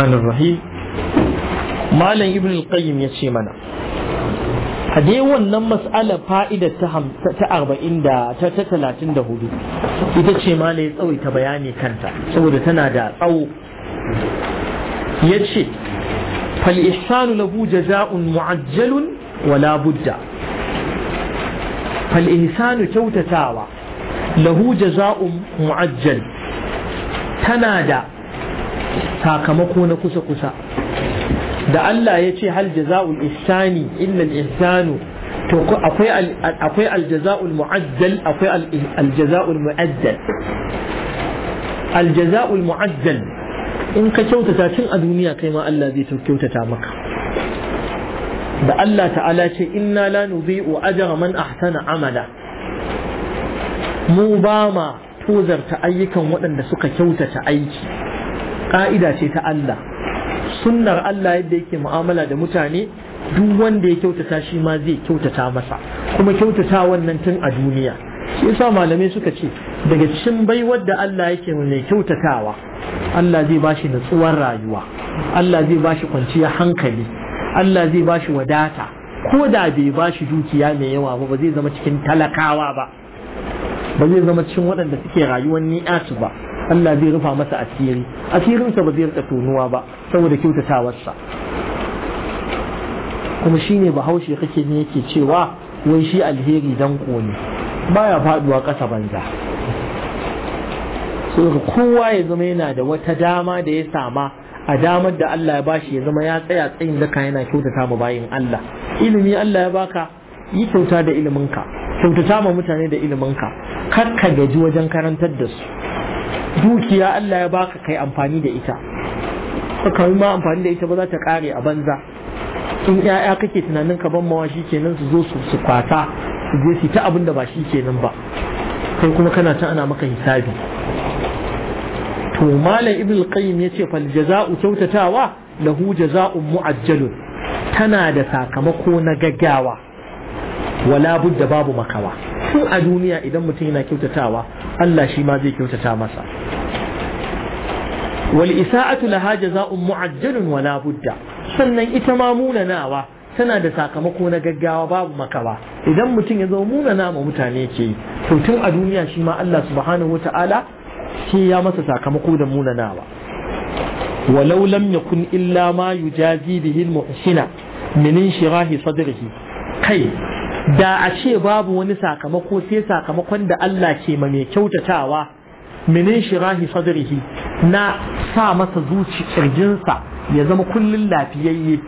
الرحيم مالا ابن القيم mana, منا wannan mas'alar fa'ida ta ta 40 da ta ita ce ma ne tsawaita bayani kanta saboda tana da tsawo yace fal ihsanu lahu jazaa'un mu'ajjalun wa budda fal kyautatawa lahu mu'ajjal tana da sakamako na kusa kusa da Allah ya ce hal jaza'ul ihsani illa al-ihsanu to akwai akwai al-jaza'ul mu'ajjal akwai al-jaza'ul mu'ajjal al-jaza'ul mu'ajjal in ka kyautata cin a duniya kai ma Allah zai kyautata maka da Allah ta'ala ce inna la nudhi'u ajra man ahsana amala mu ba ma tozarta ayyukan waɗanda suka kyautata aiki ƙa'ida ce ta Allah sunnar Allah yadda yake mu'amala da mutane duk wanda ya kyautata shi ma zai kyautata masa kuma kyautata wannan tun a duniya shi yasa malamai suka ce daga cikin baiwar da Allah yake mai kyautatawa Allah zai bashi natsuwar rayuwa Allah zai bashi kwanciyar hankali Allah zai bashi wadata ko da bai bashi dukiya mai yawa ba ba zai zama cikin talakawa ba ba zai zama cikin waɗanda suke rayuwar ni'atu ba Allah zai rufa masa asiri asirinsa ba zai rika tunuwa ba saboda kyautatawarsa kuma shine bahaushe kake ne yake cewa wai shi alheri dan ne baya faduwa ƙasa banza saboda kowa ya zama yana da wata dama da ya sama a damar da Allah ya bashi ya zama ya tsaya tsayin daka yana kyautata ma bayin Allah ilimi Allah ya baka yi kyauta da iliminka kyautata ma mutane da iliminka kar ka gaji wajen karantar da su dukiya Allah ya baka kai amfani da ita ka ma amfani da ita ba za ta kare a banza in 'ya'ya kake tunanin ka ban mawa kenan su zo su kwata su je su ta abin da ba shi kenan ba kai kuma kana ta ana maka hisabi to malam ibn qayyim ce, fal jaza'u kyautatawa lahu jaza'un mu'ajjalun tana da sakamako na gaggawa wala budda babu makawa tun a duniya idan mutum yana kyautatawa Allah shi ma zai kyautata masa wal isa'atu laha jaza'un mu'ajjalin wala budda sannan ita ma munanawa tana da sakamako na gaggawa babu makawa idan mutum ya zama munana ma mutane ke to tun a duniya shi ma Allah subhanahu ta'ala shi ya masa sakamako da munanawa walau lam yakun illa ma yujazi bihi al-muhsina min inshirahi sadrihi kai da a ce babu wani sakamako sai sakamakon da Allah ke ma mai kyautatawa minin shirahi sadrihi na sa masa zuci ƙirjinsa ya zama kullun lafiyayye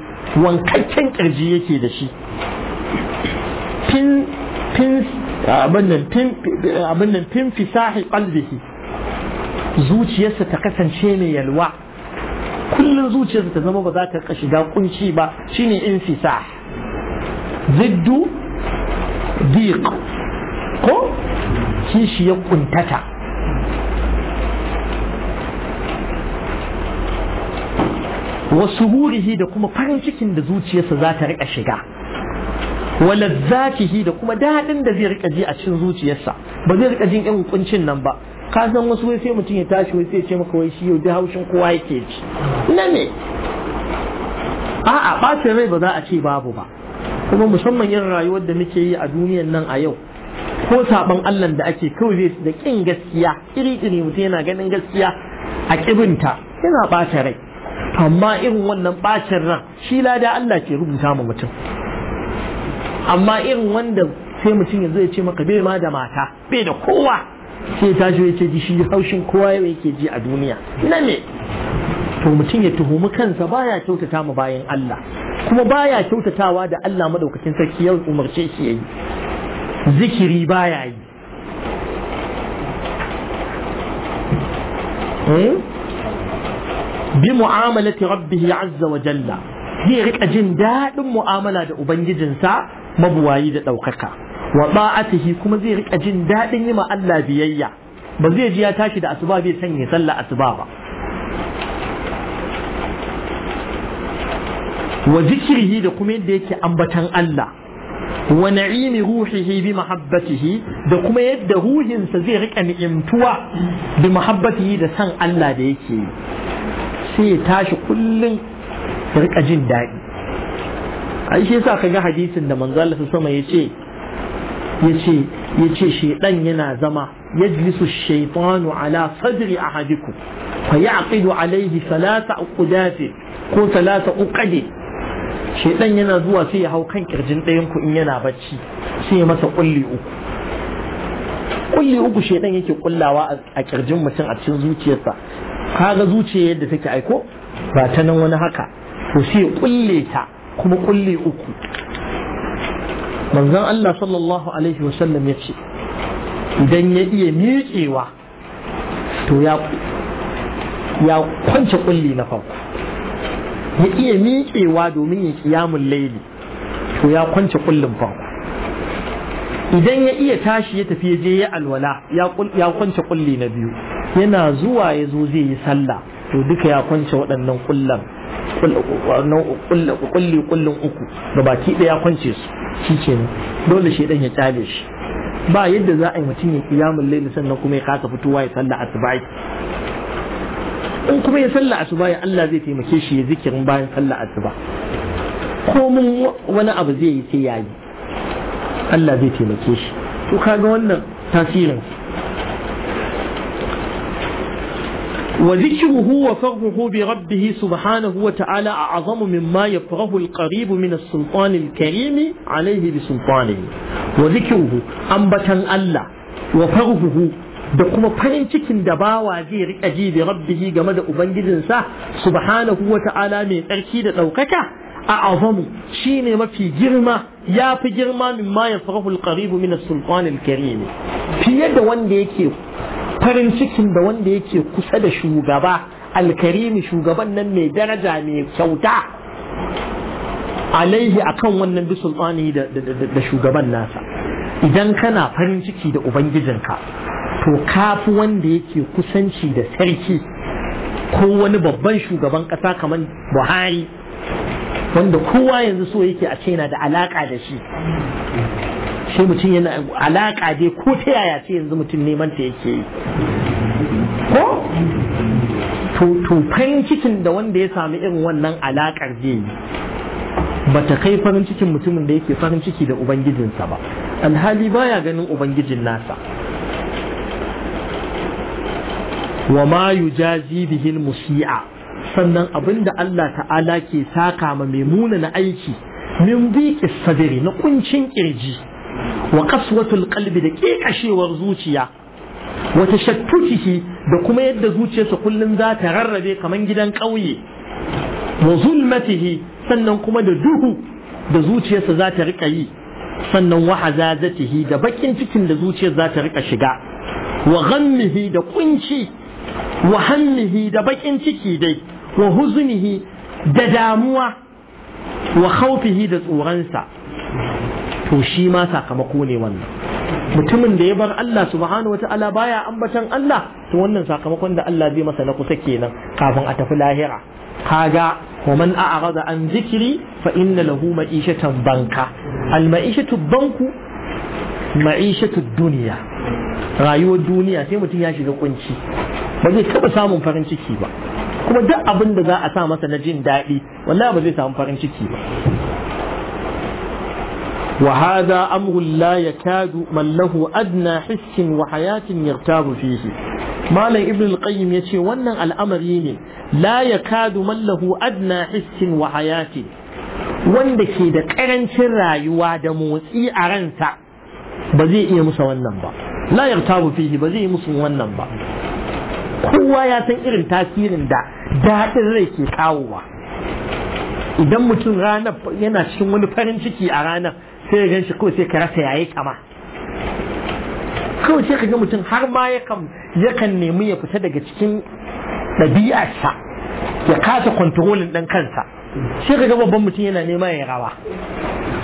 wankakken ƙirji yake da shi fin fin abin fin fisahi qalbihi zuciyarsa ta kasance mai yalwa kullun zuciyarsa ta zama ba za ta shiga kunci ba shine fisa? ziddu diq ko kishi ya kuntata wasu hurihi da kuma farin cikin da zuciyarsa za ta rika shiga walazzatihi da kuma daɗin da zai rika ji a cikin zuciyarsa ba zai rika jin yan kuncin nan ba ka san wasu wai sai mutum ya tashi wai sai ya ce maka wai shi yau duk haushin kowa yake ji na ne a'a ɓacin rai ba za a ce babu ba kuma musamman irin rayuwar da muke yi a duniyan nan a yau ko saban Allah da ake kawai zai da kin gaskiya iri iri mutum yana ganin gaskiya a kibinta yana ɓata rai amma irin wannan bacin ran shi lada Allah ke rubuta ma mutum amma irin wanda sai mutum yanzu ya ce maka bai ma da mata bai da kowa sai ta ya ce ji shi haushin kowa yau yake ji a duniya na me to mutum ya tuhumi kansa baya kyautata ma bayan Allah kuma baya kyautatawa da Allah madaukakin sarki ya umarce shi yayi zikiri baya yi eh? bi mu'amalati rabbihi azza wa jalla zai rika jin daɗin mu'amala da ubangijinsa mabuwayi da ɗaukaka wa ba'atihi kuma zai rika jin daɗin yi ma Allah biyayya ba zai ji ya tashi da asuba bai sanya sallah asuba ba wa zikirhi da kuma yadda yake ambatan Allah wa na'imi ruhihi bi mahabbatihi da kuma yadda ruhinsa zai rika ni'imtuwa bi mahabbatihi da san Allah da yake yi sai ya tashi kullum ya rika jin daɗi ishe shi yasa ga hadisin da manzo Allah sama ce ya ce shedan yana zama yajlisu su shaytanu ala sadri ahadikum fa ya'qidu alayhi uku uqdat ko thalatha uqad shedan yana zuwa sai ya hau kan kirjin ɗayan ku in yana bacci sai ya masa kulli uku kulli uku shedan yake kullawa a kirjin mutum a cikin zuciyarsa kaga zuciya yadda take aiko ba ta nan wani haka to sai ya kulle ta kuma kulle uku manzon Allah sallallahu alaihi wasallam ya ce idan ya iya miƙewa to ya ya kwance kulli na farko ya iya miƙewa domin ya kiyamun laili to ya kwance kullin farko idan ya iya tashi ya tafi ya je ya alwala ya kwance kulli na biyu yana zuwa ya zo zai yi sallah to duka ya kwance waɗannan kullan kulli kullin uku da baki ɗaya ya kwance su shi ke dole shi ya kyale shi ba yadda za a yi mutum ya kiyamun laili sannan kuma ya kasa fitowa ya sallah asubahi in kuma ya sallah asuba ya Allah zai taimake shi ya zikirin bayan sallah asuba mun wani abu zai yi sai yayi Allah zai taimake shi to kaga wannan tasirin وذكره وفرحه بربه سبحانه وتعالى أعظم مما يفرح القريب من السلطان الكريم عليه بسلطانه وذكره أنبتا الله وفرحه da kuma farin cikin da bawa zai riƙa ji da rabbihi game da ubangijinsa subhanahu wa ta'ala mai tsarki da ɗaukaka a azamu shine mafi girma ya fi girma min ma ya farahu alqaribu min as fiye da wanda yake farin cikin da wanda yake kusa da shugaba alkarimi shugaban nan mai daraja mai kyauta alaihi akan wannan bi sultani da shugaban nasa idan kana farin ciki da ubangijinka to kafi wanda yake kusanci da sarki ko wani babban shugaban kasa kamar buhari wanda kowa yanzu so yake a ce yana da alaka da shi sai mutum yana alaƙa dai ko ta yaya ce yanzu mutum neman ta yake yi ko to cikin da wanda ya sami irin wannan alaƙar zai yi ba ta kai farin cikin mutumin da yake farin ciki da ubangijinsa ba alhali baya ganin ubangijin nasa wa ma yujazi bihi musi'a sannan abinda Allah ta'ala ke saka ma mai muna na aiki min biqis sadiri na kuncin kirji wa kaswatul qalbi da kekashewar zuciya wa tashattutihi da kuma yadda zuciyarsa kullum za ta rarrabe kamar gidan ƙauye wa zulmatihi sannan kuma da duhu da zuciyarsa za ta rika yi sannan wa hazazatihi da bakin cikin da zuciyar za ta rika shiga wa ghammihi da kunci wa hammihi da bakin ciki dai wa huzunihi da damuwa wa khawfihi da tsoronsa to shi ma sakamako ne wannan mutumin da ya bar Allah subhanahu wa ta'ala baya ambatan Allah to wannan sakamakon da Allah zai masa na kusa kenan kafin a tafi lahira kaga wa man a'rada an zikri fa inna lahu ma'ishatan banka al ma'ishatu banku ma'ishatu dunya rayuwar duniya sai mutum ya shiga kunci ba zai taba samun farin ciki ba kuma duk abin da za a sa masa na jin daɗi wallahi ba zai samu farin ciki ba وهذا أمر لا يكاد من له أدنى حس وحياة يغتاب فيه ما ابن القيم يتي ونن الأمرين لا يكاد من له أدنى حس وحياة wanda ke da ƙarancin rayuwa da motsi a ransa. ba zai iya musa wannan ba la yartabu fihi ba zai yi musu wannan ba kowa ya san irin tasirin da daɗin rai ke kawowa idan mutum ranar yana cikin wani farin ciki a ranar sai gan shi kawai sai ka rasa yayi kama kawai sai ka ga mutum har ma yakan nemi ya fita daga cikin ɗabi'arsa ya kasa kwantarolin ɗan kansa sai ka ga babban mutum yana nema ya rawa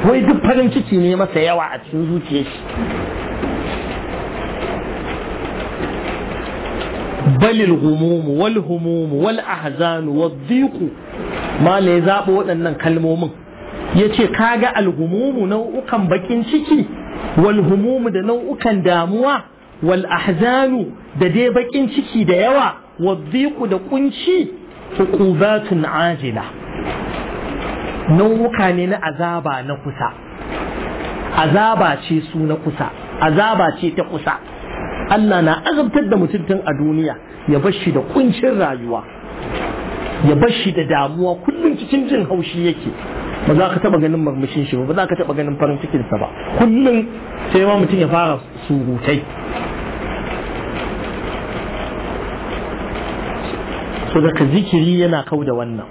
wai duk farin ciki ne masa yawa a cikin zuciyar shi بل الغموم والهموم والأحزان والضيق ما لي زابو أن ya ce kaga alhumumu nau'ukan bakin ciki walhumumu da nau'ukan damuwa wal ahzanu da dai bakin ciki da yawa wadhiqu da kunci hukubatun ajila nau'uka ne na azaba na kusa azaba ce su na kusa azaba ce ta kusa Allah na azabtar da mutuntun a duniya ya bashi da kuncin rayuwa ya bashi da damuwa kullum cikin jin haushi yake ba za ka taba ganin marmashin shi ba ba za ka taba ganin farin cikin sa ba kullum sai ma mutum ya fara surutai so daga zikiri yana kau da wannan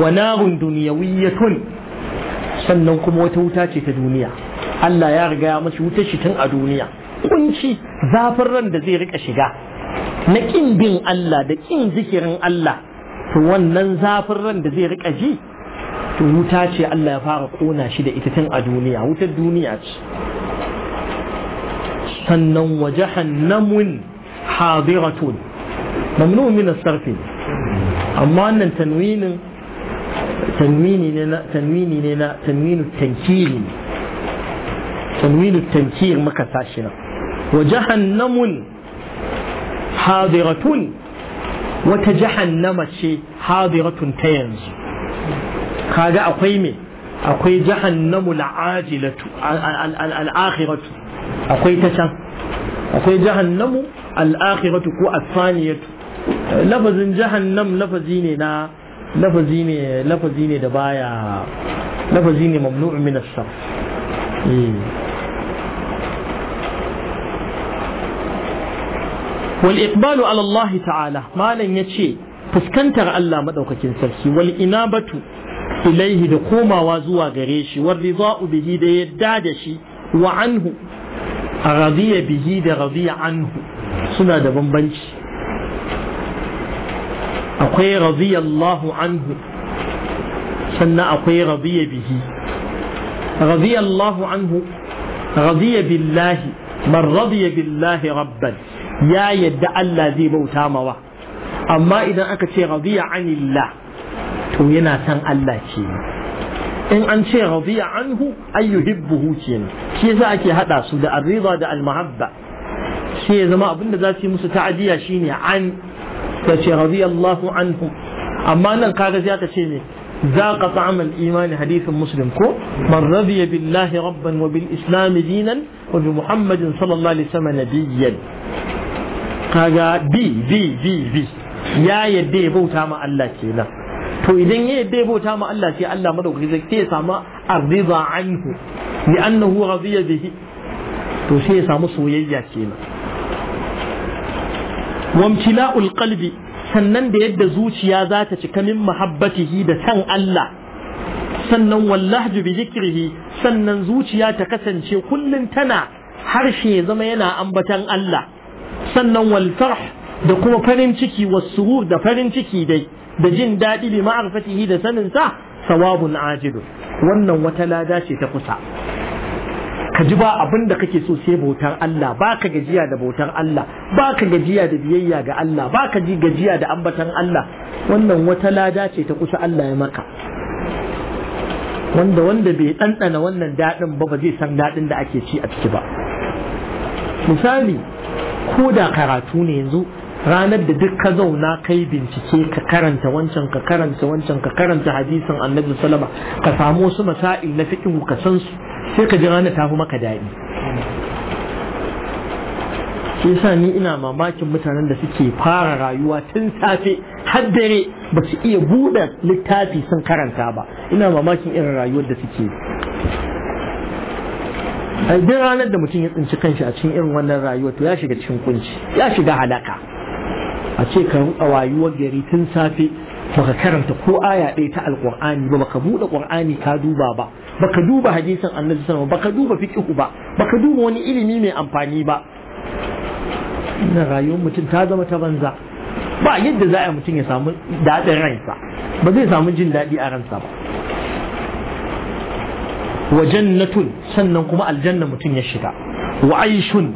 wa narun duniyawiyatun sannan kuma wata wuta ce ta duniya Allah ya riga ya mashi wutar shi tun a duniya kunci zafin ran da zai rika shiga na kin bin Allah da kin zikirin Allah to wannan zafin ran da zai rika ji to wuta ce Allah ya fara kona shi da ita tun a duniya wutar duniya ce sannan wa jahannamun hadiratun mamnu min as-sarfi amma wannan tanwinin tanwini ne na tanwini ne na tanwinu tankili tanwinu tankir maka sashi na wa jahannamun hadiratun wata jahannama ce hadiratun ta yanzu kaga akwai me akwai jahannamu al'ajilatu al'akhiratu akwai ta can akwai jahannamu al'akhiratu ko asaniyatu lafazin jahannam lafazi ne na lafazi ne lafazi ne da baya lafazi ne mamnu'u min as-sarf eh. wal iqbalu ala Allah ta'ala malan yace fuskantar Allah madaukakin sarki wal إليه دقوما وزوا غريش والرضاء به دي الدادش وعنه رضي به دي رضي عنه سنة دبنبنش أخي رضي الله عنه سنة أخي رضي به رضي الله عنه رضي بالله من رضي بالله ربا يا يد الله ذي موتامة أما إذا أكت رضي عن الله to yana san Allah ce in an ce radiya anhu ay yuhibbuhu kenan shi yasa ake hada su da arrida da almuhabba shi ya zama abinda za su yi musu ta'adiya shine an ta ce radiyallahu anhu amma nan kaga sai aka ce ne ذاق طعم Ko حديث مسلم biLlahi rabban رضي بالله ربا وبالإسلام دينا وبمحمد صلى الله عليه وسلم نبيا kaga bi bi bi bi ya yadda ya bauta ma Allah kenan to idan ya yadda bauta ma Allah sai Allah madaukaki zai sai ya samu arziza anhu li annahu radiya bihi to sai ya samu soyayya kenan wamtila'ul qalbi sannan da yadda zuciya za ta cika min mahabbatihi da san Allah sannan wallahju bi zikrihi sannan zuciya ta kasance kullun tana harshe ya zama yana ambatan Allah sannan wal farh da kuma farin ciki wasu da farin ciki dai da jin daɗi bi ma'arfatihi da sanin sa sawabun ajidu wannan wata lada ce ta kusa ka ji ba abin da kake so sai bautar Allah Baka gajiya da bautar Allah Baka gajiya da biyayya ga Allah ba ji gajiya da ambatan Allah wannan wata lada ce ta kusa Allah ya maka wanda wanda bai ɗanɗana wannan daɗin ba ba zai san daɗin da ake ci a ciki ba misali ko da karatu ne yanzu ranar da duk ka zauna kai bincike ka karanta wancan ka karanta wancan ka karanta hadisin annabi sallama ka samu wasu masa'il na fikin ka san su sai ka ji ranar ta fi maka daɗi shi yasa ni ina mamakin mutanen da suke fara rayuwa tun safe har dare ba su iya buɗe littafi sun karanta ba ina mamakin irin rayuwar da suke A duk ranar da mutum ya tsinci kanshi a cikin irin wannan rayuwar to ya shiga cikin kunci ya shiga halaka a ce ka ruka wayuwar gari tun safe baka karanta ko aya ɗaya ta alƙur'ani ba baka buɗe ƙur'ani ka duba ba baka duba hadisin annabi sallallahu baka duba fiqhu ba baka duba wani ilimi mai amfani ba ina rayuwar mutum ta zama ta banza ba yadda za a mutum ya samu daɗin ransa ba zai samu jin daɗi a ransa ba wa jannatun sannan kuma aljanna mutum ya shiga wa aishun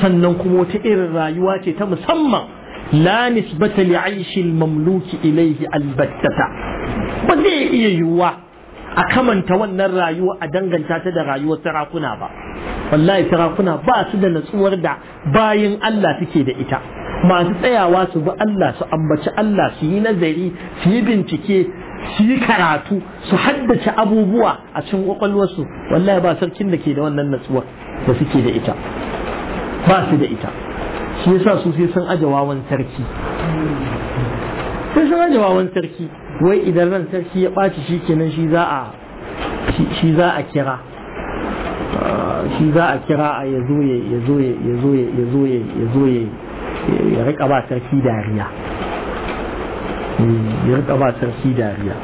sannan kuma wata irin rayuwa ce ta musamman la nisbata li aishi mamluki ilaihi albattata ba zai iya yiwuwa a kamanta wannan rayuwa a danganta ta da rayuwar sarakuna ba wallahi sarakuna ba su da natsuwar da bayan Allah suke da ita masu tsayawa su bi Allah su ambaci Allah su yi nazari su yi bincike su yi karatu su haddace abubuwa a cikin kwakwalwarsu wallahi ba sarkin da ke da wannan natsuwar da suke da ita ba su da ita shi yasa su sai sun ajawawan wawan sarki sai san ajawawan wawan sarki wai idan ran sarki ya ɓaci shi kenan shi za a shi za a kira ah, shi za a kira a ya zo ya zo ya ya zo ya ya zo ya ya zo ya ya rika ba sarki dariya hmm, ya rika ba sarki dariya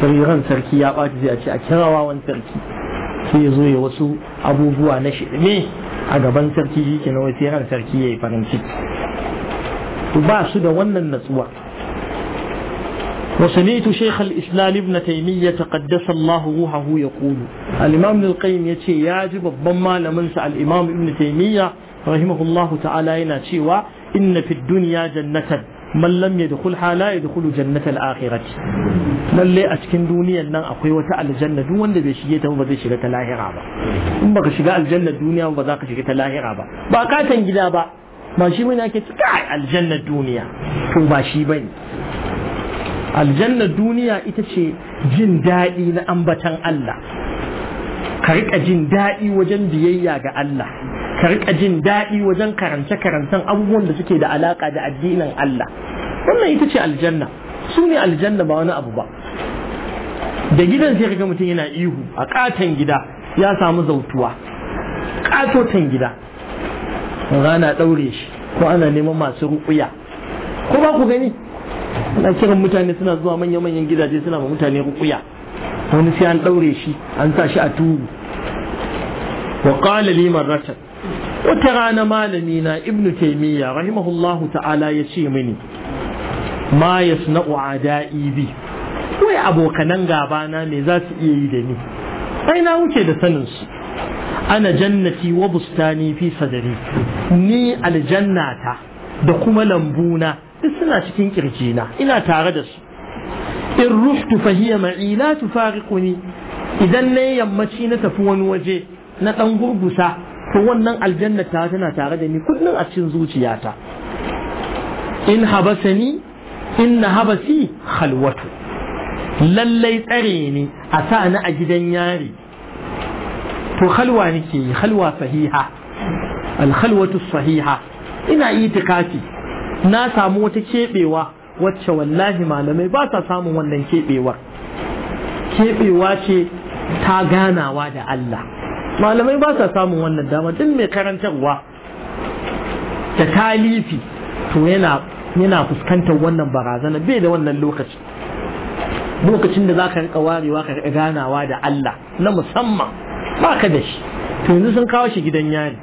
sai ran sarki ya ɓaci zai a ce a kira wawan sarki sai ya zo ya wasu abubuwa na shirme a gaban sarki shi ke nawai sai ran sarki ya yi farin ciki ba su da wannan natsuwa وسمعت شيخ الإسلام ابن تيمية قدس الله روحه يقول الإمام ابن القيم يتي يجب الضمى لمنسى الإمام ابن تيمية رحمه الله تعالى يناتي إن في الدنيا جنة man lam yadkhulha la yadkhulu jannatal akhirah lalle a cikin duniyar nan akwai wata aljanna duk wanda bai shige ta ba zai shiga ta lahira ba in baka shiga aljanna duniya ba za ka shiga ta lahira ba ba katan gida ba ba shi mun ake ci kai aljannar duniya to ba shi bane aljannar duniya ita ce jin daɗi na ambatan Allah ka riƙa jin daɗi wajen biyayya ga Allah ka rika jin daɗi wajen karance-karancen abubuwan da suke da alaƙa da addinin Allah wannan ita ce aljanna su ne aljanna ba wani abu ba da gidan sai kaga mutum yana ihu a ƙaton gida ya samu zautuwa katotan gida rana ɗaure shi ko ana neman masu ruƙuya ko ba ku gani Na kiran mutane suna zuwa manya-manyan gidaje suna ma mutane ruƙuya wani sai an ɗaure shi an sa shi a turu. wa qala li wata rana malami na ibn taimiyya rahimahullahu ta'ala ya ce mini ma yasna'u ada'i bi wai abokanan gabana me za su iya yi da ni ai na wuce da sanin su ana jannati wa bustani fi sadari ni aljannata da kuma lambuna duk suna cikin na, ina tare da su in ruhtu fa hiya ma'i la idan na yammaci na tafi wani waje na dan gurgusa to wannan aljanna ta tana tare da ni kullum a cikin zuciyata in habasani in na habasi khalwatu lallai tsare ni a sa ni a gidan yari to halwa nake yi khalwa sahiha alhalwatu sahiha ina itikafi na samu wata keɓewa wacce wallahi malamai ba sa samun wannan keɓewar keɓewa ce ta ganawa da Allah malamai ba sa samun wannan dama duk mai karantarwa da talifi to yana fuskantar wannan barazana bai da wannan lokaci lokacin da zaka rika warewa ka rika ganawa da Allah na musamman baka da shi to yanzu sun kawo shi gidan yari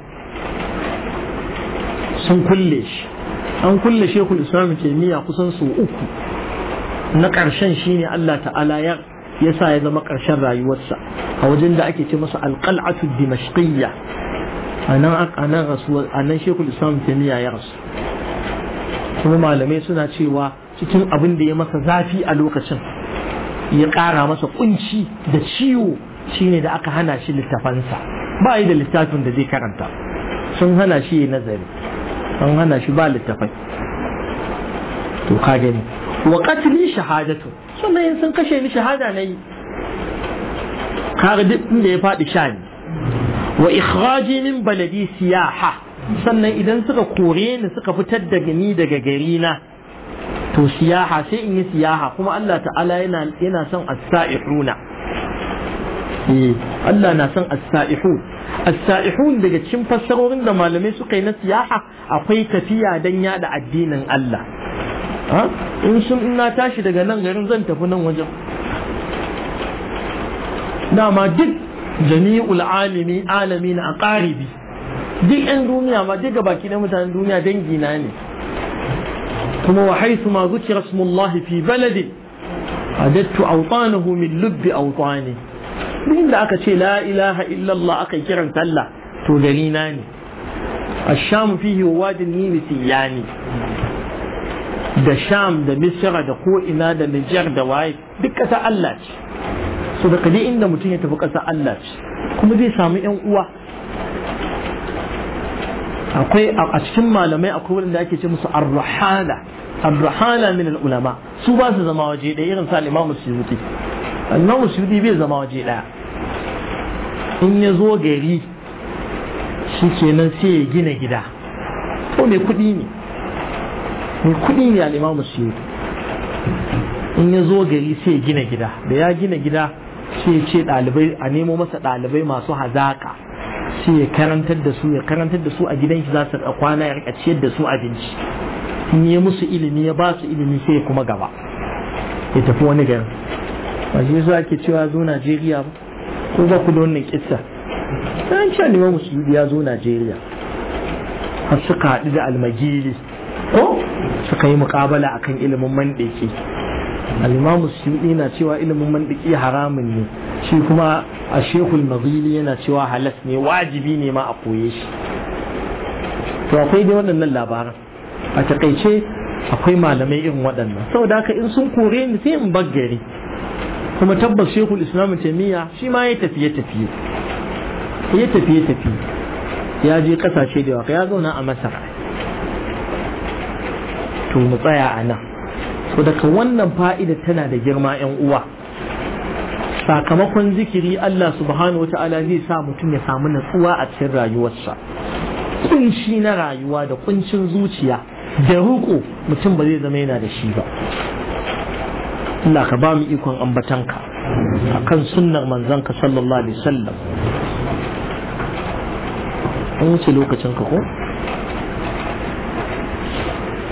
sun kulle shi an kulle shekul islam miya kusan su uku na ƙarshen shine Allah ta'ala ya yasa ya zama ƙarshen rayuwarsa a wajen da ake ce masa alƙal'atu dimashqiyya A anan rasuwar anan shekul islam ya rasu kuma malamai suna cewa cikin abin da ya masa zafi a lokacin ya ƙara masa kunci da ciwo shine da aka hana shi littafansa ba yi da littafin da zai karanta sun hana shi ya nazari sun hana shi ba littafai to ka gani wa qatli shahadatu sannan sun kashe ni shahada na yi kaga duk inda ya faɗi sha ne wa ikhraji min baladi siyaha sannan idan suka kore ni suka fitar da ni daga gari na to siyaha sai in yi siyaha kuma Allah ta'ala yana yana son as-sa'ihuna eh Allah na son as-sa'ihun as-sa'ihun daga cikin fassarorin da malamai suka yi na siyaha akwai tafiya dan yada addinin Allah in sun ina tashi daga nan garin zan tafi nan wajen dama duk jami'ul alimi alami na ƙaribi duk 'yan duniya ma duk baki na mutanen duniya dangi na ne kuma wa haisu ma zuci rasmullahi fi balade a dattu autanahu min lubbi autani duk inda aka ce la ilaha illallah aka kiran sallah to gari na ne الشام فيه واد النيل سياني da sham da Misira da ko'ina da nijar da waye duk ƙasa Allah ce so da kaje inda mutum ya tafi kasa Allah ce kuma zai samu yan uwa akwai a cikin malamai akwai wanda ake ce musu arrahala arrahala min ulama su ba su zama waje ɗaya irin sa imamu suyuti imamu suyuti bai zama waje ɗaya in ya zo gari shi kenan sai ya gina gida ko mai kuɗi ne mai kuɗi ne al'imamu su in ya zo gari sai gina gida da ya gina gida sai ya ce ɗalibai a nemo masa ɗalibai masu hazaƙa sai ya karantar da su ya karantar da su a gidan shi za su kwana ya rika ciyar da su abinci in ya musu ilimi ya ba su ilimi sai ya kuma gaba ya tafi wani gari ba shi yasa ake cewa zo Najeriya ba ko ba ku da wannan kissa an ce ne musulmi ya zo Najeriya har suka haɗu da almagili ko suka yi mukabala akan ilimin mandiki al-imamu suyuɗi na cewa ilimin mandiki haramun ne shi kuma a shekul mazili yana cewa halas ne wajibi ne ma a koye shi to akwai dai waɗannan labaran a takaice akwai malamai irin waɗannan saboda haka in sun kore ni sai in baggare. kuma tabbas shekul islam taimiyya shi ma ya tafiye tafiye ya tafiye tafiye ya je ƙasashe da yawa ya zauna a masar to mu tsaya a nan to daga wannan fa'ida tana da girma ‘yan uwa sakamakon zikiri Allah subhanahu wata'ala zai sa mutum ya samu natsuwa a cikin rayuwarsa kunshi na rayuwa da kuncin zuciya da ruko mutum ba zai zama yana da shi ba Allah ka ba mu ikon ambatanka akan sunnar manzanka sallallahu alaihi wasallam an wuce lokacin ka ko